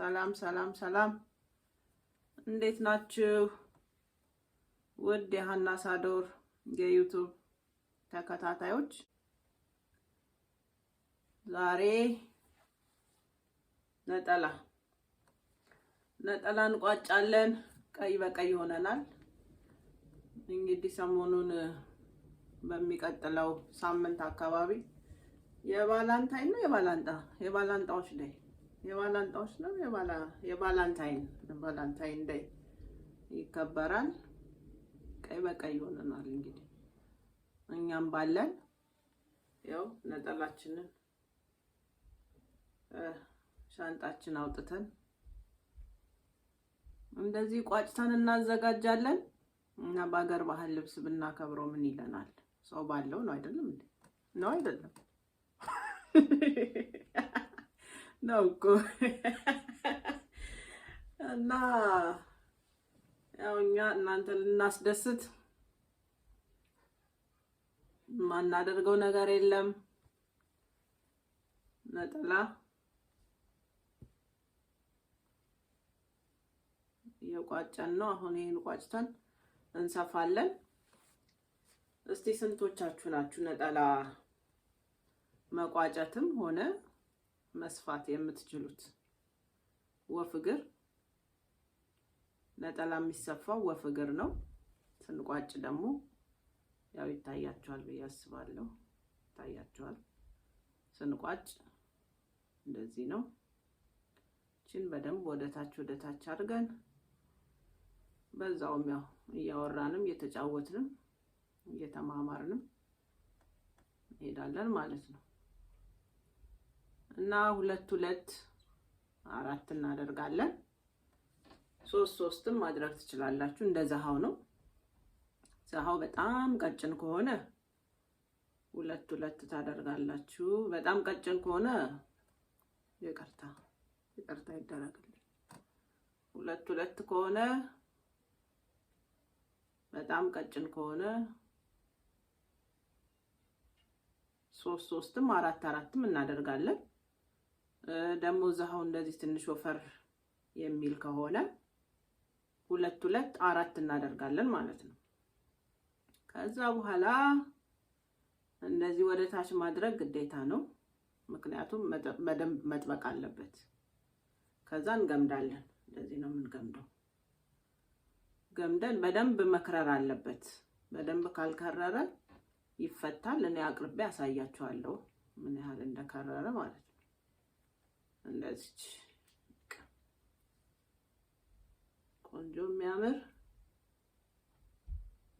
ሰላም ሰላም ሰላም፣ እንዴት ናችሁ? ውድ የሀና ሳዶር የዩቱብ ተከታታዮች ዛሬ ነጠላ ነጠላ እንቋጫለን። ቀይ በቀይ ሆነናል። እንግዲህ ሰሞኑን በሚቀጥለው ሳምንት አካባቢ የባላንታይን ነው የባላንጣ የባላንጣዎች ላይ የባላንጣዎች ነው። የባላንታይን ባላንታይን ዳይ ይከበራል። ቀይ በቀይ ሆነናል። እንግዲህ እኛም ባለን ያው ነጠላችንን ሻንጣችን አውጥተን እንደዚህ ቋጭተን እናዘጋጃለን እና በሀገር ባህል ልብስ ብናከብረው ምን ይለናል? ሰው ባለው ነው አይደለም? ነው አይደለም? ነው እኮ እና ያው እኛ እናንተ ልናስደስት የማናደርገው ነገር የለም። ነጠላ እየቋጨን ነው። አሁን ይህን ቋጭተን እንሰፋለን። እስቲ ስንቶቻችሁ ናችሁ ነጠላ መቋጨትም ሆነ መስፋት የምትችሉት። ወፍ እግር ነጠላ የሚሰፋው ወፍ እግር ነው። ስንቋጭ ደግሞ ያው ይታያቸዋል ብዬ አስባለሁ። ይታያቸዋል ስንቋጭ እንደዚህ ነው። ችን በደንብ ወደ ታች ወደ አድርገን በዛውም ያው እያወራንም እየተጫወትንም እየተማማርንም እንሄዳለን ማለት ነው። እና ሁለት ሁለት አራት እናደርጋለን። ሶስት ሶስትም ማድረግ ትችላላችሁ። እንደ ዘሃው ነው። ዘሃው በጣም ቀጭን ከሆነ ሁለት ሁለት ታደርጋላችሁ። በጣም ቀጭን ከሆነ ይቅርታ ይቅርታ ይደረግልኝ። ሁለት ሁለት ከሆነ በጣም ቀጭን ከሆነ ሶስት ሶስትም አራት አራትም እናደርጋለን። ደግሞ ዛሃው እንደዚህ ትንሽ ወፈር የሚል ከሆነ ሁለት ሁለት አራት እናደርጋለን ማለት ነው። ከዛ በኋላ እንደዚህ ወደ ታች ማድረግ ግዴታ ነው፣ ምክንያቱም በደንብ መጥበቅ አለበት። ከዛ እንገምዳለን። እንደዚህ ነው የምንገምደው። ገምደን በደንብ መክረር አለበት። በደንብ ካልከረረ ይፈታል። እኔ አቅርቤ አሳያችኋለሁ ምን ያህል እንደከረረ ማለት ነው። እንደዚች ቆንጆ የሚያምር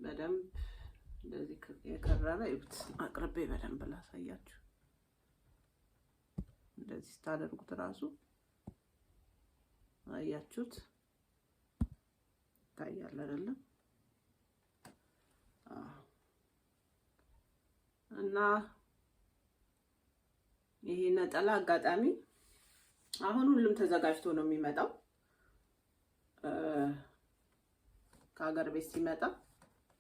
በደንብ እንደዚህ የከረረ ይሁት አቅርቤ በደንብ ላሳያችሁ። እንደዚህ ስታደርጉት እራሱ አያችሁት ይታያል አይደለም? እና ይሄ ነጠላ አጋጣሚ አሁን ሁሉም ተዘጋጅቶ ነው የሚመጣው። ከሀገር ቤት ሲመጣ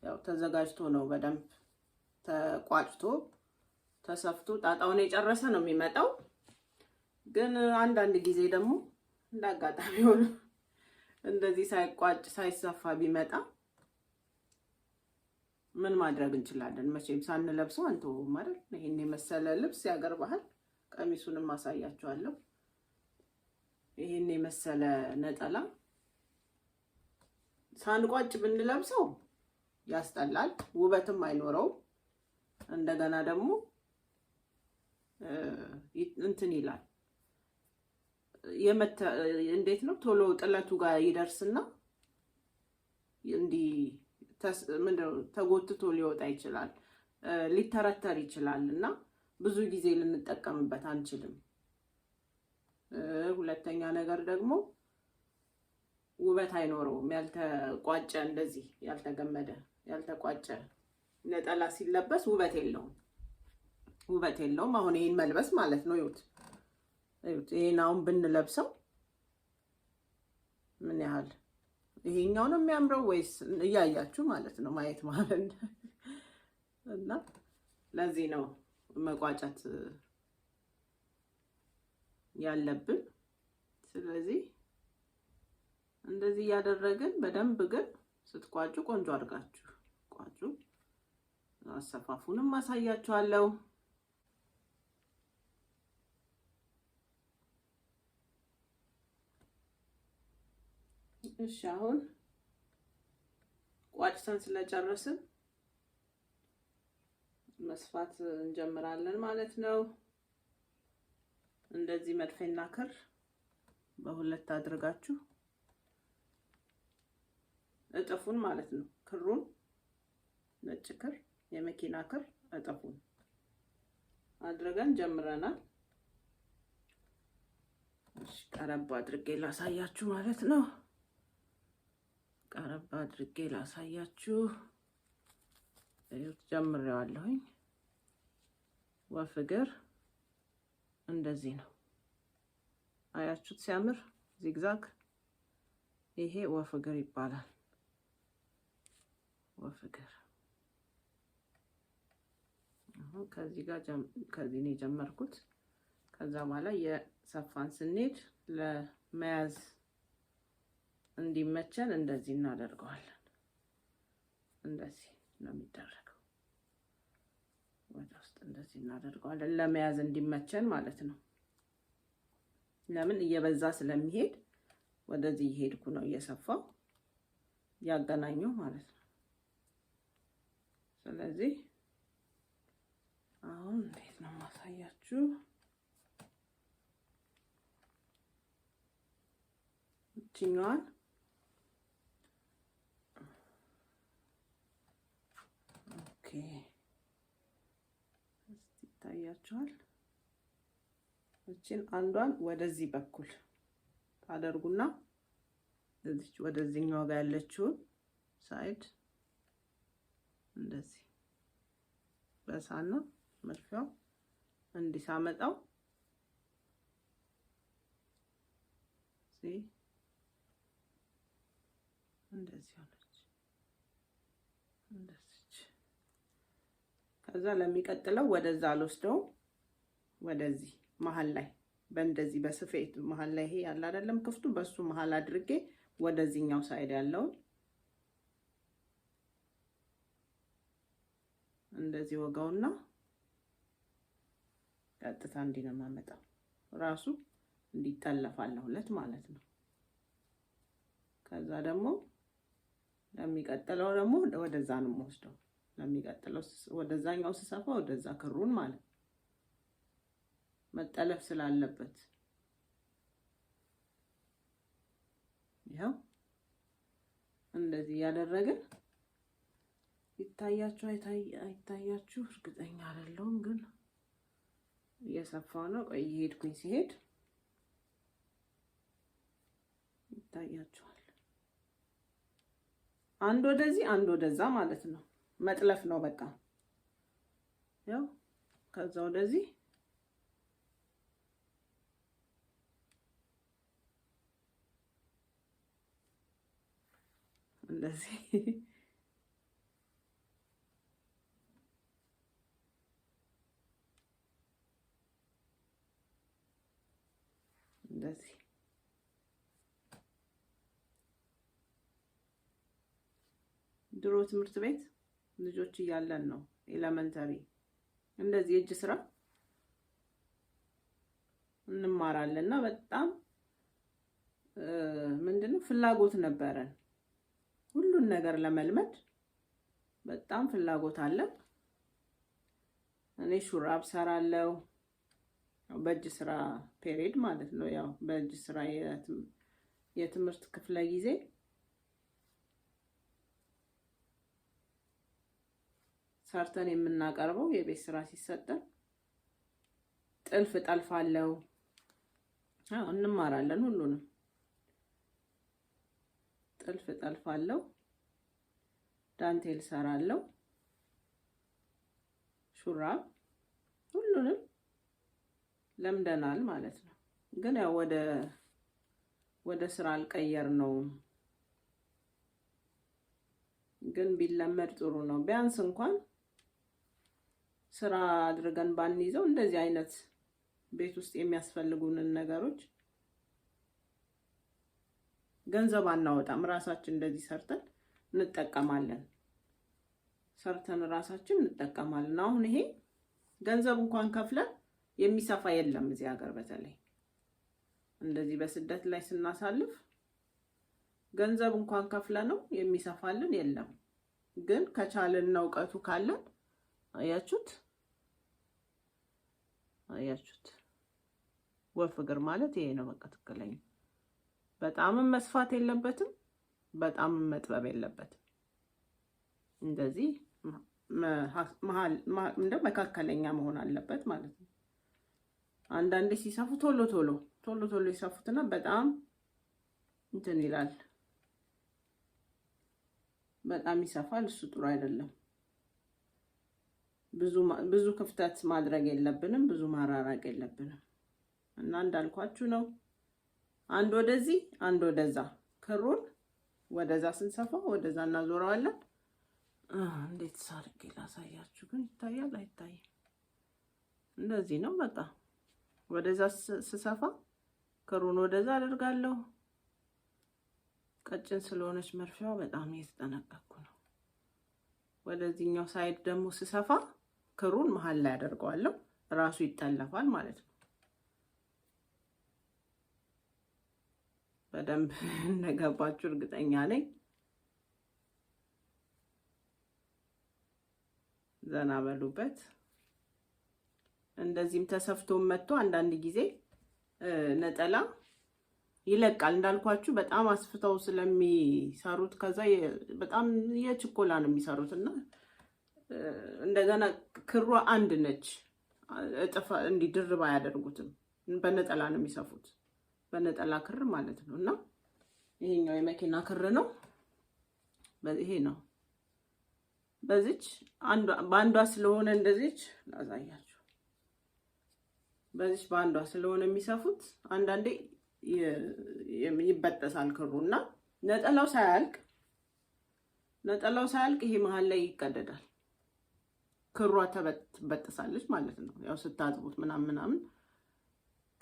ያው ተዘጋጅቶ ነው በደንብ ተቋጭቶ ተሰፍቶ ጣጣውን የጨረሰ ነው የሚመጣው። ግን አንዳንድ ጊዜ ደግሞ እንደ አጋጣሚ ሆኖ እንደዚህ ሳይቋጭ ሳይሰፋ ቢመጣ ምን ማድረግ እንችላለን? መቼም ሳንለብሰው አንተውም አይደል? ይሄን የመሰለ ልብስ ያገር ባህል ቀሚሱንም አሳያችኋለሁ። ይህን የመሰለ ነጠላ ሳንቋጭ ብንለብሰው ያስጠላል፣ ውበትም አይኖረውም። እንደገና ደግሞ እንትን ይላል። እንዴት ነው ቶሎ ጥለቱ ጋር ይደርስና እንዲህ ተጎትቶ ሊወጣ ይችላል፣ ሊተረተር ይችላል እና ብዙ ጊዜ ልንጠቀምበት አንችልም። ሁለተኛ ነገር ደግሞ ውበት አይኖረውም። ያልተቋጨ እንደዚህ ያልተገመደ ያልተቋጨ ነጠላ ሲለበስ ውበት የለውም፣ ውበት የለውም። አሁን ይህን መልበስ ማለት ነው። ይሁት ይሁት ይህን አሁን ብንለብሰው ምን ያህል ይሄኛው ነው የሚያምረው ወይስ እያያችሁ ማለት ነው ማየት ማለት እና ለዚህ ነው መቋጨት ያለብን። ስለዚህ እንደዚህ እያደረግን በደንብ ግን ስትቋጩ ቆንጆ አድርጋችሁ ቋጩ። አሰፋፉንም አሳያችኋለሁ። እሺ አሁን ቋጭተን ስለጨረስን መስፋት እንጀምራለን ማለት ነው። እንደዚህ መድፌና ክር በሁለት አድርጋችሁ እጥፉን ማለት ነው። ክሩን ነጭ ክር፣ የመኪና ክር እጥፉን አድርገን ጀምረናል። እሺ፣ ቀረብ አድርጌ ላሳያችሁ ማለት ነው። ቀረብ አድርጌ ላሳያችሁ። ይኸው ጀምሬዋለሁኝ ወፍ እንደዚህ ነው። አያችሁት ሲያምር ዚግዛግ። ይሄ ወፍ እግር ይባላል። ወፍ እግር አሁን ከዚህ ጋር ከዚህ ነው የጀመርኩት። ከዛ በኋላ የሰፋን ስንሄድ ለመያዝ እንዲመቸን እንደዚህ እናደርገዋለን። እንደዚህ ነው የሚደረገው። እንደዚህ እናደርገዋለን ለመያዝ እንዲመቸን ማለት ነው። ለምን እየበዛ ስለሚሄድ ወደዚህ እየሄድኩ ነው እየሰፋው ያገናኘው ማለት ነው። ስለዚህ አሁን እንዴት ነው ማሳያችሁ? እችኛዋን ይታያችኋል። እችን አንዷን ወደዚህ በኩል ታደርጉና እዚች ወደዚህኛው ጋር ያለችውን ሳይድ እንደዚህ በሳና መርፊያው እንዲሳመጣው እንደዚህ ሆነ። ከዛ ለሚቀጥለው ወደዛ አልወስደውም ወደዚህ መሀል ላይ በእንደዚህ በስፌት መሀል ላይ ይሄ ያለ አይደለም ክፍቱ በሱ መሀል አድርጌ ወደዚህኛው ሳይድ ያለውን እንደዚህ ወጋውና ቀጥታ እንዲህ ነው የማመጣው። ራሱ እንዲጠለፋል ሁለት ማለት ነው። ከዛ ደግሞ ለሚቀጥለው ደግሞ ወደዛ ነው የምወስደው። ነው የሚቀጥለው። ወደዛኛው ስሰፋ ወደዛ ክሩን ማለት መጠለፍ ስላለበት ይኸው እንደዚህ እያደረግን ይታያችሁ አይታያችሁ እርግጠኛ አይደለሁም፣ ግን እየሰፋ ነው። ቆይ እየሄድኩኝ ሲሄድ ይታያችኋል። አንድ ወደዚህ አንድ ወደዛ ማለት ነው። መጥለፍ ነው በቃ ያው ከዛ ወደዚህ እንደዚህ እንደዚህ ድሮ ትምህርት ቤት ልጆች እያለን ነው ኤለመንተሪ እንደዚህ የእጅ ስራ እንማራለን እና በጣም ምንድነው ፍላጎት ነበረን ሁሉን ነገር ለመልመድ በጣም ፍላጎት አለን። እኔ ሹራብ ሰራለው በእጅ ስራ ፔሪድ ማለት ነው። ያው በእጅ ስራ የትምህርት ክፍለ ጊዜ ሰርተን የምናቀርበው የቤት ስራ ሲሰጠን ጥልፍ ጠልፋለው እንማራለን። ሁሉንም ጥልፍ ጠልፋለው፣ ዳንቴል ሰራለው፣ ሹራብ ሁሉንም ለምደናል ማለት ነው። ግን ያው ወደ ወደ ስራ አልቀየር ነው። ግን ቢለመድ ጥሩ ነው ቢያንስ እንኳን ስራ አድርገን ባንይዘው እንደዚህ አይነት ቤት ውስጥ የሚያስፈልጉንን ነገሮች ገንዘብ አናወጣም። ራሳችን እንደዚህ ሰርተን እንጠቀማለን። ሰርተን ራሳችን እንጠቀማለን። አሁን ይሄ ገንዘብ እንኳን ከፍለን የሚሰፋ የለም እዚህ ሀገር በተለይ እንደዚህ በስደት ላይ ስናሳልፍ ገንዘብ እንኳን ከፍለ ነው የሚሰፋልን የለም። ግን ከቻልን እውቀቱ ካለን አያችሁት አያችሁት? ወፍ እግር ማለት ይሄ ነው። በቃ ትክክለኛ። በጣምም መስፋት የለበትም፣ በጣምም መጥበብ የለበትም። እንደዚህ እንደ መካከለኛ መሆን አለበት ማለት ነው። አንዳንዴ ሲሰፉ ቶሎ ቶሎ ቶሎ ቶሎ ይሰፉትና በጣም እንትን ይላል፣ በጣም ይሰፋል። እሱ ጥሩ አይደለም። ብዙ ክፍተት ማድረግ የለብንም፣ ብዙ ማራራቅ የለብንም እና እንዳልኳችሁ ነው። አንድ ወደዚህ አንድ ወደዛ ክሩን ወደዛ ስንሰፋ ወደዛ እናዞረዋለን። እንዴት ሳርጌ ላሳያችሁ ግን ይታያል አይታይም? እንደዚህ ነው። በቃ ወደዛ ስሰፋ ክሩን ወደዛ አደርጋለሁ። ቀጭን ስለሆነች መርፊያዋ በጣም እየተጠነቀቅኩ ነው። ወደዚህኛው ሳይድ ደግሞ ስሰፋ ክሩን መሀል ላይ አደርገዋለሁ። ራሱ ይጠለፋል ማለት ነው። በደንብ እንደገባችሁ እርግጠኛ ነኝ። ዘና በሉበት። እንደዚህም ተሰፍቶ መጥቶ አንዳንድ ጊዜ ነጠላ ይለቃል። እንዳልኳችሁ በጣም አስፍተው ስለሚሰሩት ከዛ በጣም የችኮላ ነው የሚሰሩት እና እንደገና ክሯ አንድ ነች። እጥፋ እንዲድርብ አያደርጉትም። በነጠላ ነው የሚሰፉት፣ በነጠላ ክር ማለት ነው። እና ይሄኛው የመኪና ክር ነው። ይሄ ነው። በዚች በአንዷ ስለሆነ እንደዚች ላሳያችሁ። በዚች በአንዷ ስለሆነ የሚሰፉት አንዳንዴ ይበጠሳል ክሩ እና ነጠላው ሳያልቅ ነጠላው ሳያልቅ ይሄ መሀል ላይ ይቀደዳል። ክሯ ትበጥሳለች ማለት ነው። ያው ስታጥቡት ምናምን ምናምን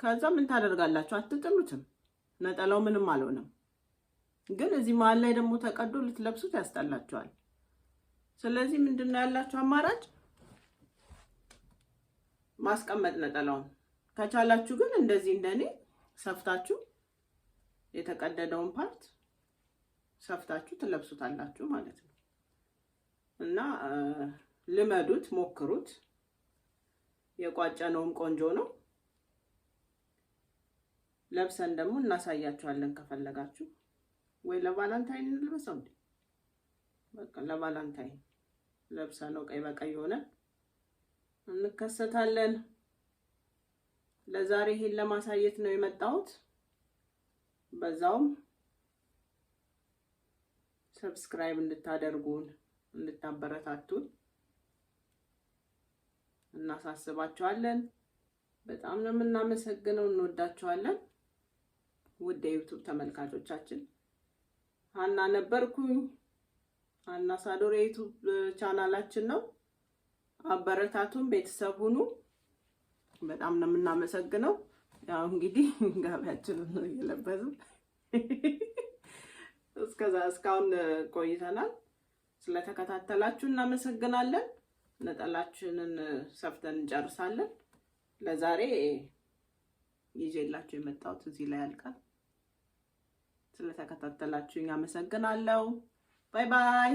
ከዛ ምን ታደርጋላችሁ? አትጥሉትም። ነጠላው ምንም አልሆነም፣ ግን እዚህ መሀል ላይ ደግሞ ተቀዶ ልትለብሱት ያስጠላችኋል። ስለዚህ ምንድን ነው ያላችሁ አማራጭ ማስቀመጥ ነጠላውን። ከቻላችሁ ግን እንደዚህ እንደኔ ሰፍታችሁ የተቀደደውን ፓርት ሰፍታችሁ ትለብሱታላችሁ ማለት ነው እና ልመዱት፣ ሞክሩት። የቋጨነውም ቆንጆ ነው። ለብሰን ደግሞ እናሳያችኋለን። ከፈለጋችሁ ወይ ለቫላንታይን እንልበሰው እንዴ! በቃ ለቫላንታይን ለብሰ ቀይ በቀይ ሆነ እንከሰታለን። ለዛሬ ይሄን ለማሳየት ነው የመጣሁት። በዛውም ሰብስክራይብ እንድታደርጉን እንድታበረታቱን እናሳስባቸዋለን በጣም ነው የምናመሰግነው። እንወዳቸዋለን። ውድ የዩቱብ ተመልካቾቻችን ሀና ነበርኩኝ። ሀና ሳዶር የዩቱብ ቻናላችን ነው። አበረታቱን፣ ቤተሰብ ሁኑ። በጣም ነው የምናመሰግነው። ያው እንግዲህ ጋቢያችንን ነው እየለበስን እስከዛ እስካሁን ቆይተናል። ስለተከታተላችሁ እናመሰግናለን። ነጠላችንን ሰፍተን እንጨርሳለን። ለዛሬ ይዤላችሁ የመጣሁት እዚህ ላይ ያልቃል። ስለተከታተላችሁኝ አመሰግናለሁ። ባይ ባይ።